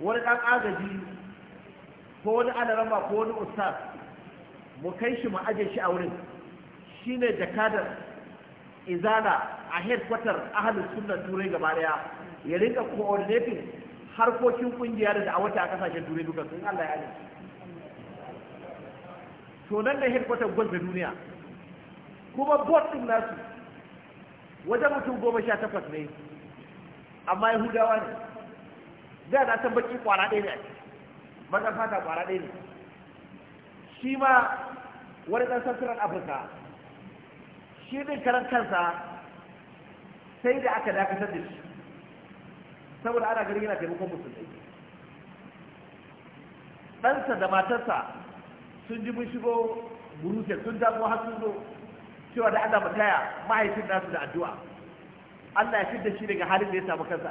wani ɗan agaji ko wani alarama ko wani ustaz mu kai shi mu aje shi a wurin shine jakadar izana a headquarter ahalin sunnan turai gaba daya ya rinka coordinating harkokin kungiya da da'awata a kasashen turai duka sun Allah ya ne to nan da headquarter gwal da duniya kuma board din nasu wajen mutum goma sha takwas ne amma yahudawa ne da na san baki kwara ɗaya ne magan fata kwara ɗaya ne shi ma wani ɗan sassaran afirka shi din karan kansa sai da aka dakatar da shi saboda ana ganin yana taimakon musulmai ɗansa da matarsa sun ji mun shigo burushe sun damu har sun zo cewa da Allah mutaya mahaifin nasu da addu'a Allah ya da shi daga halin da ya samu kansa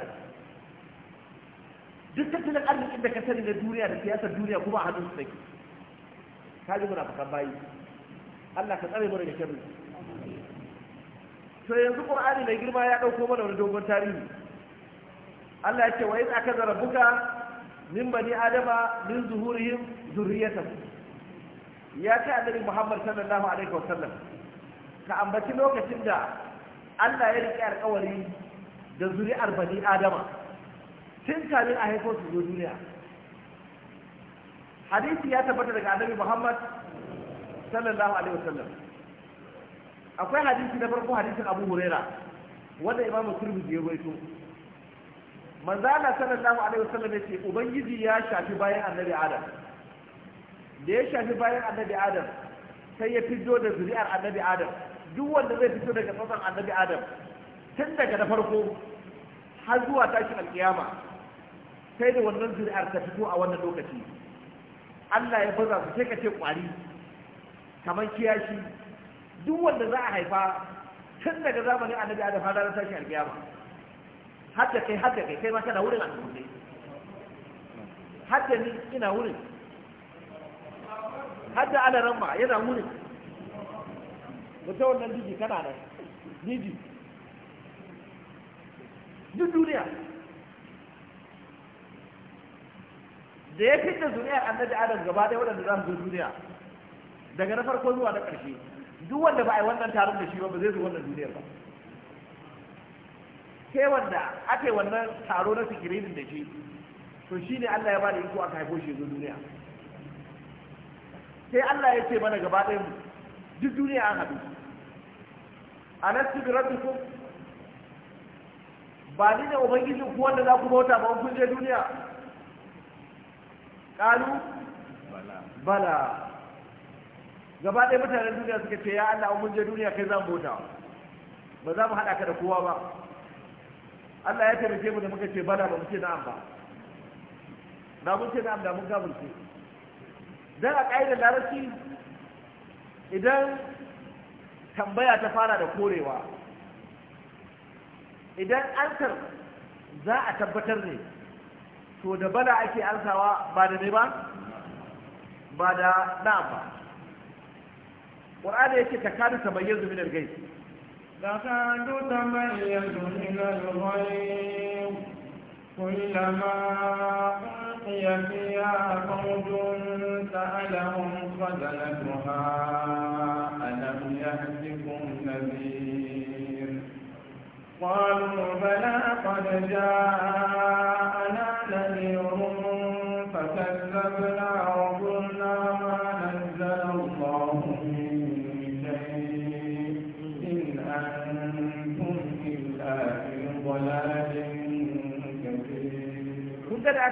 a duk tattalin arzikin da ka sani na duniya da siyasar duniya kuma a hannun su take ka ji muna fakan bayi Allah ka tsare mu daga sharri sai yanzu qur'ani mai girma ya dauko mana wani dogon tarihi Allah ya ce wa iz akaza rabbuka min bani adama min zuhurihim zurriyatahum ya ce annabi Muhammad sallallahu alaihi wasallam ka ambaci lokacin da Allah ya rike alƙawari da zuri'ar bani adama tun kafin a haifo su zo duniya hadisi ya tabbata daga annabi Muhammad sallallahu alaihi wasallam akwai hadisi na farko hadisin abu huraira wanda imamu turmizi ya rawaito manzo Allah sallallahu alaihi wasallam yace ubangiji ya shafi bayan annabi adam da ya shafi bayan annabi adam sai ya fito da zuri'ar annabi adam duk wanda zai fito daga tsotsan annabi adam tun daga na farko har zuwa tashi alkiyama sai da wannan zuri'ar ta fito a wannan lokaci Allah ya baza su sai ka ce kwari kamar kiyashi duk wanda za a haifa tun daga zamanin annabi adam har ranar tashin alkiyama har da kai har da kai kai ma kana wurin annabi har da ni ina wurin har da ana ramma yana wurin mutum wannan diji kana nan diji duk duniya da ya fitta zuriyar annabi adam gaba ɗaya waɗanda za su zo duniya daga na farko zuwa na ƙarshe duk wanda ba a yi wannan taron da shi ba ba zai zo wannan duniyar ba sai wanda aka yi wannan taro na sikirinin da shi to shi ne Allah ya ba da iko aka haifo shi zo duniya sai Allah ya ce mana gaba ɗayan duk duniya an haɗu a nan nasu bi rabbikum ba ni ne ubangijin ku wanda za ku bauta ba kun je duniya ƙalu bala gaba ɗaya mutanen duniya suka ce ya Allah mun je duniya kai za mu bota ba za mu haɗa ka da kowa ba Allah ya taimake mu da muka ce bala ba mu ce na'am ba da mun ce na'am da mun gamurce dan a ƙa'idar larabci idan tambaya ta fara da korewa idan ansar za a tabbatar ne to da bala ake ansawa ba da ne ba ba da na'am ba qur'ani yake takadu tamayyazu min al-ghayb takadu tamayyazu min al-ghayb كلما ألقي فيها فوج سألهم خزنتها ألم يأتكم نذير قالوا بلى قد جاء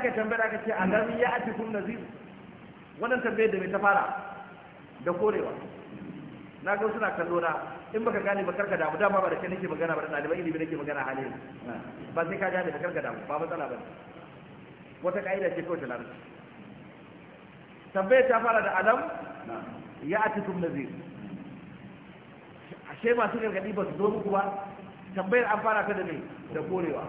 aka tambaya aka ce alam ya ake kun nazir wannan tambayar da mai ta fara da korewa na ga suna kallo na in baka gane ba karka damu dama ba da kai nake magana ba da ɗaliban ilimi nake magana halin ba sai ka gane ba karka damu ba matsala ba wata ka'ida ce kawai ta tambayar ta fara da adam ya ake kun nazir ashe masu gargaɗi ba su zo muku ba tambayar an fara ta da mai da korewa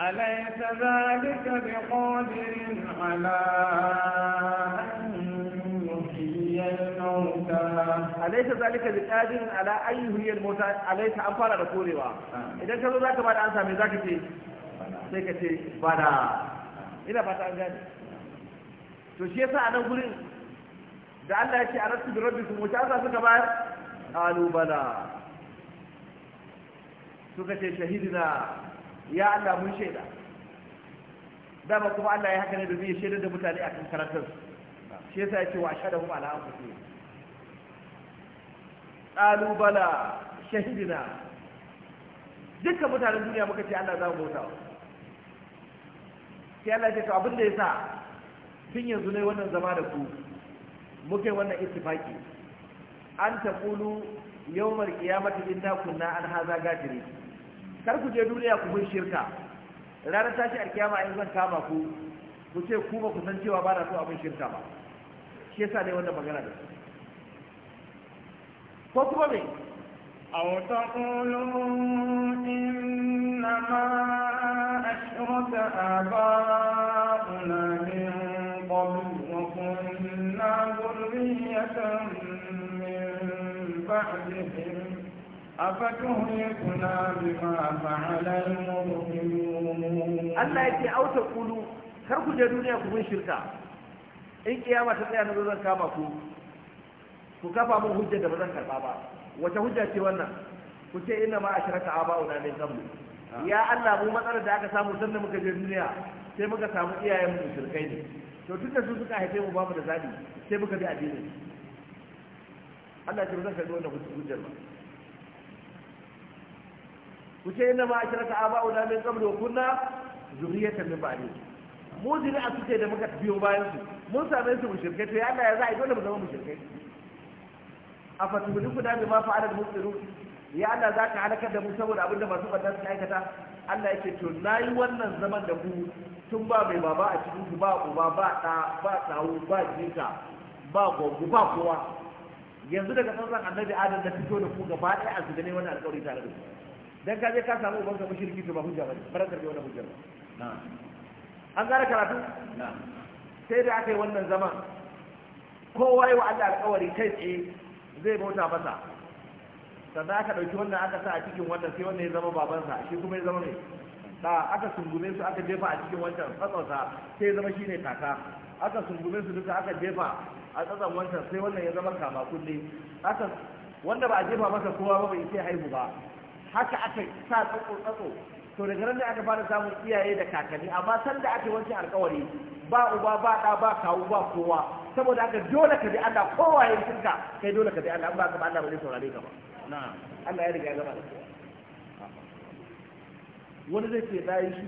أليس ذلك بقادر على أن يحيي الموتى أليس ذلك بقادر على أن يحيي الموتى أليس أنفال رسوله إذا كانوا ذاك بعد أنسى من ذاك شيء sai ka ce ba da ina fata an gani to shi yasa a nan gurin da Allah ya ce arastu bi rabbikum wace asa suka ba alu bala suka ce shahidina ya Allah mun shaida dama kuma Allah ya haka ne domin ya shaida da mutane akan karatun shi yasa yake wa shaida hum ala anfusihim qalu bala shahidina dukkan mutanen duniya muka ce Allah za mu bauta sai Allah ya ce abin da yasa tun yanzu ne wannan zama da ku muke wannan ittifaki an taqulu yawmar qiyamati inna kunna an hadha gajiri. kar ku je duniya ku bin shirka ranar tashi alkiyama in zan kama ku ku ce ku ba ku san cewa ba na so abin shirka ba shi yasa ne wanda magana da ko kuma me أو تقولوا إنما أشرك آباؤنا من قبل وكنا ذرية من بعدهم أفتهلكنا auta kulu kar ku je duniya ku كركو shirka in kiyama ta tsaya na zo zan kama ku kafa mun hujja da ba zan karba ba wace hujja ce wannan ku ce ina ma ashraka aba'una min qablu ya Allah mu matsalar da aka samu sanda muka je duniya sai muka samu iyayen mu shirkai ne to tun da su suka haife mu babu da zabi sai muka bi addini Allah ya ce zan karbi wannan hujjar ba ku ce inna ma ashraka aba'una min qabl wa kunna zurriyatan ba ne mu a suke da muka biyo bayan su mun same su mushrikai to ya Allah ya za a yi dole mu zama A afa tuhliku da bima fa al-mubtirun ya Allah za ka halakar da mu saboda abinda masu ɓanna suka aikata Allah yake to na yi wannan zaman da ku tun ba mai baba a cikin ku ba uba ba ɗa ba tsawo ba jinka ba gongo ba kowa yanzu daga tsantsan annabi adam da fito da ku gaba ɗaya a ne wannan alƙawari tare da ku dan ka je ka samu uban ka mushriki to ba hujja bane bara karbe wannan hujja ba an gara karatu sai da aka yi wannan zaman kowa yi wa Allah alƙawari kai tsaye zai bauta masa sannan aka ɗauki wannan aka sa a cikin wannan sai wannan ya zama babansa shi kuma ya zama ne da aka sungume su aka jefa a cikin wancan tsatsonsa sai ya zama shine kaka aka sungume su duka aka jefa a tsatson wancan sai wannan ya zama kama kulle aka wanda ba a jefa masa kowa ba bai sai haihu ba haka aka sa tsatso tsatso to daga nan da aka fara samun iyaye da kakanni amma san da ake wancan alkawari ba uba ba ɗa ba kawu ba kowa saboda haka dole ka bi Allah kowa ya shirka kai dole ka bi Allah ba ka ba Allah ba zai saurare ka ba na'am Allah ya riga ya gama da wani zai ce na yi shi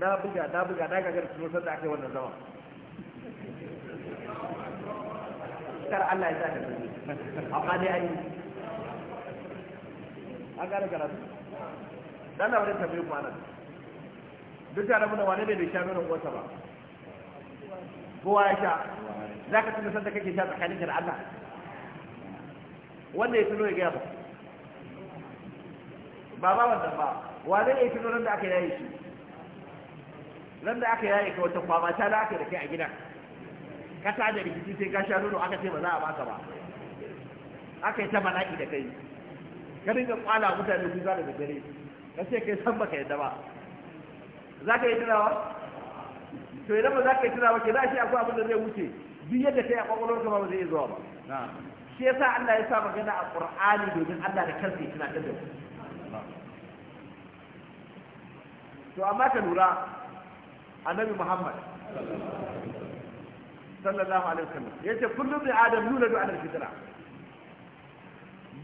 na buga na buga na gagar tuno san da aka yi wannan zama kar Allah ya sa ka amma dai ai an gane karatu dan da wani tambayi ku anan duk da rabu da wane ne bai sha nonon uwarsa ba kowa ya sha za ka tuna sanda kake sha tsakanin da Allah wanda ya tuno ya gaya ba ba ba wannan ba wane ne ya tuno ran da aka yaye shi ran da aka yaye ka wata kwama ta da aka da kai a gida. ka ta da rikici sai ka sha nono aka ce ba za a baka ba aka yi ta banaki da kai ka dinga kwala mutane kuka da dare ka ce kai san baka yadda ba za ka yi tunawa to idan ba za ka yi tunawa ke za shi akwai abin da zai wuce duk yadda kai a kwakwalwarka ba zai iya zuwa ba shi yasa Allah ya sa magana a Qur'ani domin Allah da kansa ya tuna da to amma ka lura annabi Muhammad sallallahu alaihi wasallam yace kullu bi adam yuladu ala al-fitra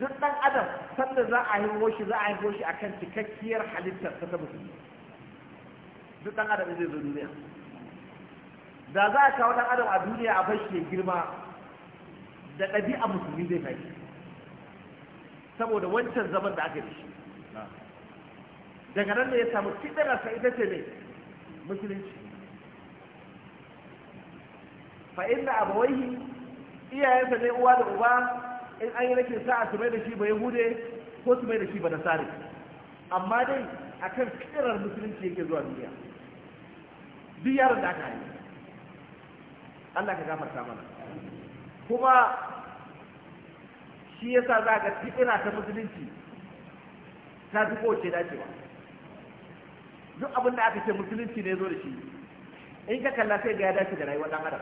duk ɗan adam sanda za a haifo shi za a haifo shi akan cikakkiyar halittar ta ta musulmi duk ɗan adam zai zo duniya da za a kawo ɗan adam a duniya a bashi ya girma da ɗabi'a musulmi zai kai saboda wancan zaman da aka yi shi daga nan da ya samu fitararsa ita ce ne musulunci fa inda abawaihi iyayensa ne uwa da uba in an yi rikin sa'a su mai da shi ba yahude ko su mai da shi ba na tsari. amma dai akan kirar musulunci yake zuwa duniya duk yaron da aka yi Allah ka gafarta mana kuma shi yasa za ga tikina ta musulunci ta fi kowace dacewa duk abin da aka ce musulunci ne zo da shi in ka kalla sai ga ya dace da rayuwar ɗan adam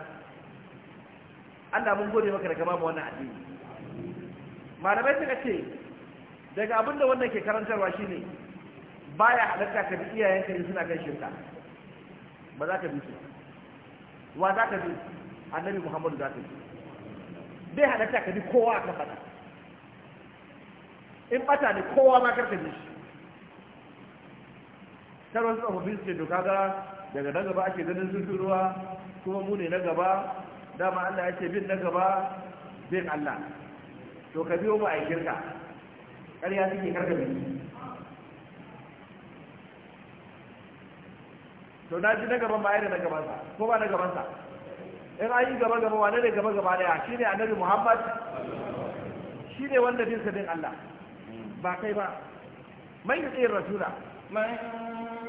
Allah mun gode maka da gama ma wannan addini malamai suka ce daga abin da wannan ke karantarwa shine baya halatta ka bi iyayenka in suna kan shirka ba za ka bi su wa za ka bi annabi muhammadu za ka bi bai halatta ka bi kowa a kan fada in bata ne kowa ma karka bi shi kar wasu tsofaffin suke doka ga daga na gaba ake ganin sun ruwa kuma mu ne na gaba dama allah ya ce bin na gaba bin allah to ka biyo mu a shirka ƙarya suke karka biki to na ji na gaban ba da na gabansa ko ba na gabansa in an yi gaba gaba wane ne gaba gaba daya shi ne annabi muhammad shi ne wanda bin sabin allah ba kai ba mai yi tsayin rasula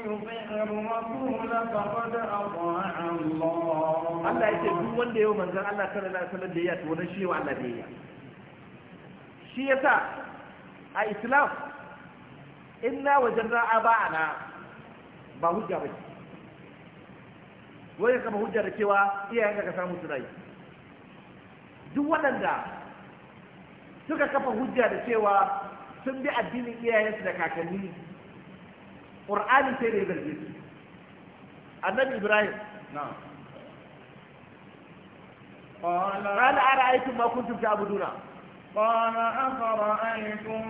Allah ya ce duk wanda yau manzan Allah وانده يوم أنزل الله صلى الله عليه وسلم ديات yi وعلى shi yasa a islam inna wajen ra'a ba a na ba hujja ba wai kama hujja da cewa iyayen ka samu suna yi duk waɗanda suka kafa hujja da cewa sun bi addinin iyayensu da kakanni ƙur'ani sai da ya zarge su annabi ibrahim na. قال أرأيتم ما كنتم تعبدون قال أفرأيتم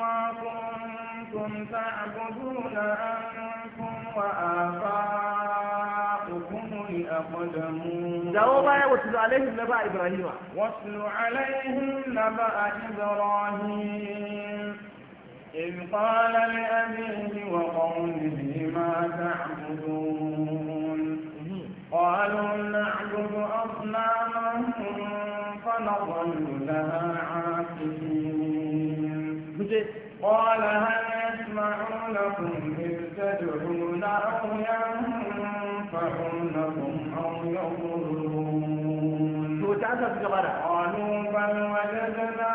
ما كنتم تعبدون أنتم وآباؤكم الأقدمون جوابا آية، واتل عليهم نبأ إبراهيم واتل عليهم نبأ إبراهيم إذ قال لأبيه وقومه ما تعبدون قالوا نعبد أصناما فنظل لها عاكفين قال هل يسمعونكم إذ تدعون أو ينفعونكم أو يضرون قالوا بل وجدنا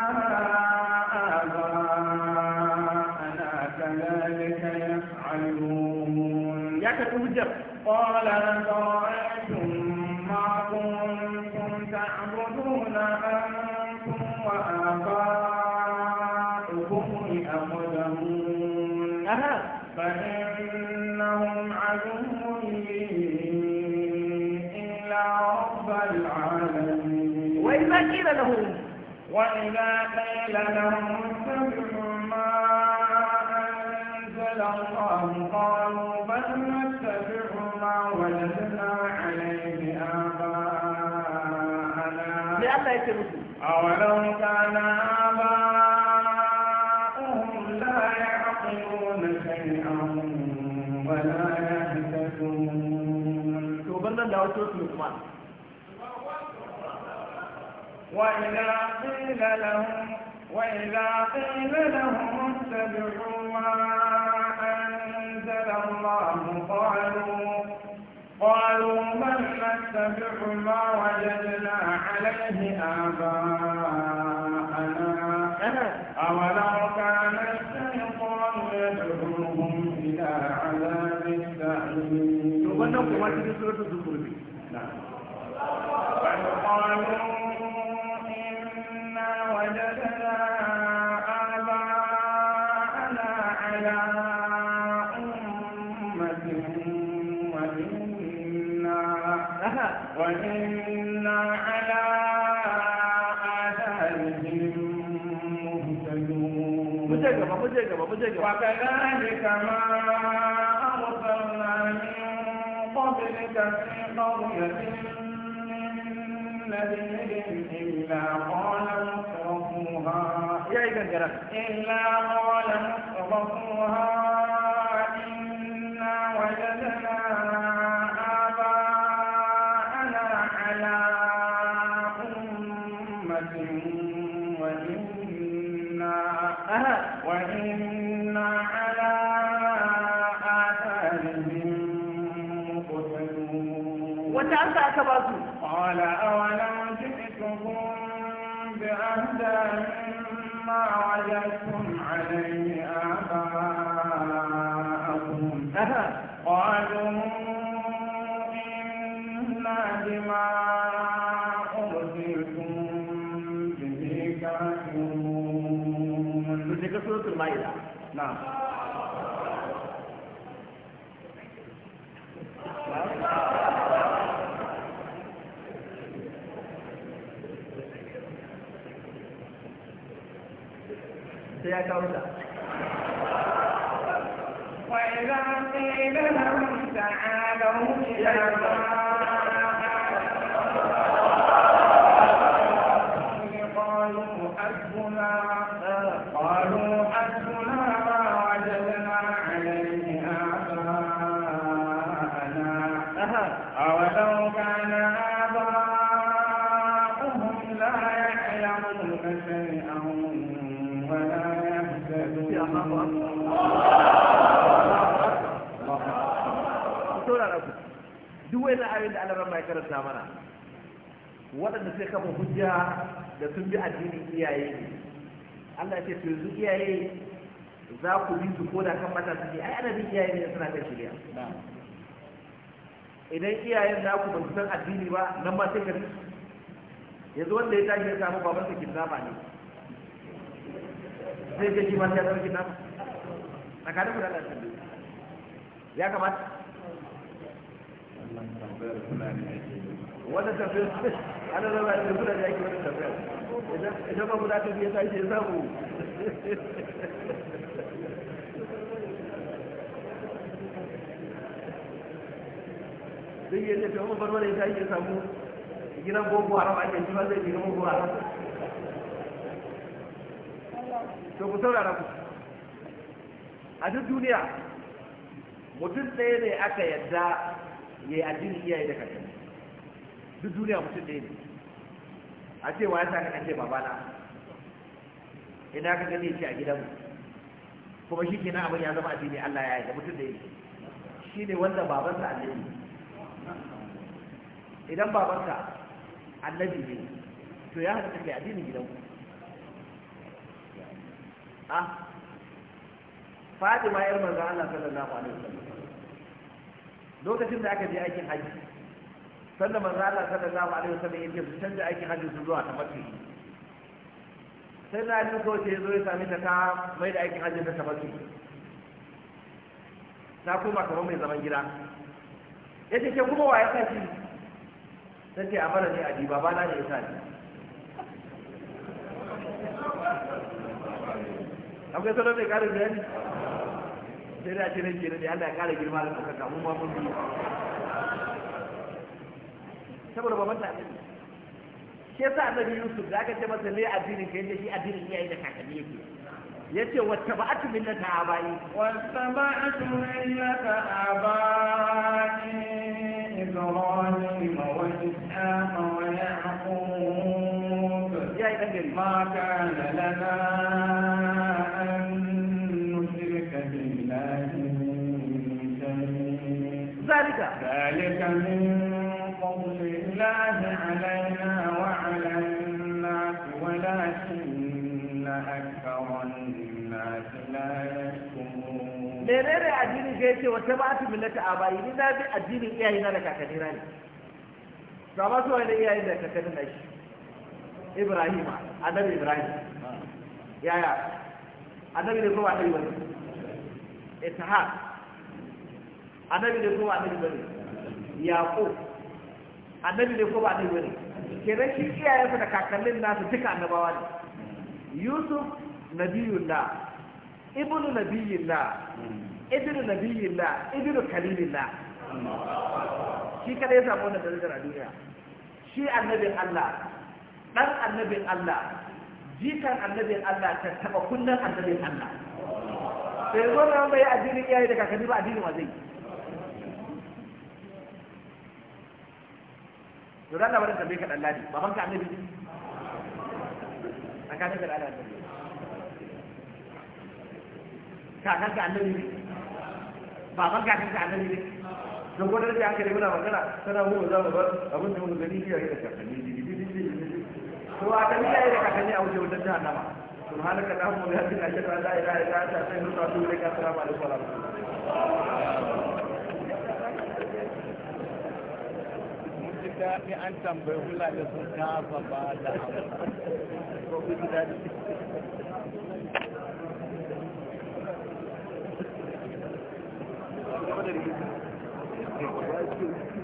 آباءنا كذلك يفعلون قال أفرأيتم قيل لهم وإذا قيل لهم اتبعوا ما أنزل الله قالوا بل نتبع ما وجدنا عليه آباءنا لألا يتبعوا أولو كان آباؤهم لا يعقلون شيئا ولا يهتدون. وإذا قيل لهم وإذا قيل لهم اتبعوا ما أنزل الله قالوا قالوا بل نتبع ما وجدنا عليه آباءنا أولو كان الشيطان يدعوهم إلى عذاب السعير بذنب إلا قال مترفوها قالوا إنا بما أرسلتم به كافرون تلك سورة المائدة نعم sai ya kawo ta قيل لهم تعالوا إلى ما irin ayoyin da Allah ya karanta mana waɗanda sai kafa hujja da sun bi addinin iyaye Allah ce to yanzu iyaye za ku bi su ko da kan mata su ne ai ana bin iyaye ne suna kan shirya idan iyayen za ku ba san addini ba nan ma sai ka ci yanzu wanda ya tashi ya samu babansa kidnapper ne zai ka shi ma sai ya zama kidnapper tsakanin mu da Allah ya kamata wata ana zama da da yake wata idan ba ta ce zai yi da ya samu ake zai ku saurara ku a duk duniya mutum ɗaya ne aka yadda yi addini iyaye da kanta? duk duniya mutum ɗaya ne a ce wa ya sa ka ce babana ina ka gane shi a gidanmu kuma shi ke na abin ya zama addini Allah ya da mutum ɗaya ne shi ne wanda babansa annabi idan babansa annabi ne to ya haka kai addinin gidanmu ah Fatima yar manzo Allah sallallahu alaihi wasallam lokacin da aka je aikin haji sannan manzo Allah sallallahu alaihi wasallam yake su canza aikin haji su zuwa ta tamattu sai na yi ko ce zo ya sami ta ta mai da aikin haji ta tamattu ta koma kamar mai zaman gida yace ke kuma wa ya sa shi sai a bara ne a ji baba na ne ya sa shi akwai salon mai karin bayani sai da ce rage da Allah ya kara girma da ɗaukaka mun ma mun biyu saboda baban ta shi yasa annabi Yusuf da aka ce masa ne addinin kai da shi addinin iyaye da kakanni yake yace wattaba'atu millata abai wattaba'atu millata abai ibrahim wa ishaq wa yaqub ya idan gari ma kana lana أكثر الناس لا addini sai ce wata ba ta millata abayi ni na bi addinin iyaye na da kakanni na ne to amma su wani iyaye da kakanni na shi Ibrahim annabi Ibrahim yaya annabi ne kuma annabi bane Ishaq annabi ne kuma annabi bane Yaqub annabi ne kuma annabi bane kenan shi iyayensa da kakannin nasu duka annabawa ne yusuf nabiyullah ibnu nabiyillah ibnu nabiyillah ibnu kalilillah shi kada ya samu wannan darajar a duniya shi annabin Allah dan annabin Allah jikan annabin Allah ta taba kunnan annabin Allah sai zo na bai addinin iyaye da kakanni ba addinin wa zai to dan labarin tambaye tambayi kaɗan ladi babanka ka annabi tsakanin da al'ada kakan ka annabi ne baban kakan ka annabi ne don gwadar da aka muna magana tana mu za mu bar abin da mun gani ya da kakanni to a kan da da kakanni a wuce wajen jahannama subhanaka allahumma wa bihamdika ashhadu an la ilaha illa anta astaghfiruka wa atubu ilaik assalamu alaikum wa rahmatullahi ita an tambayi hula da sun kafa ba da Thank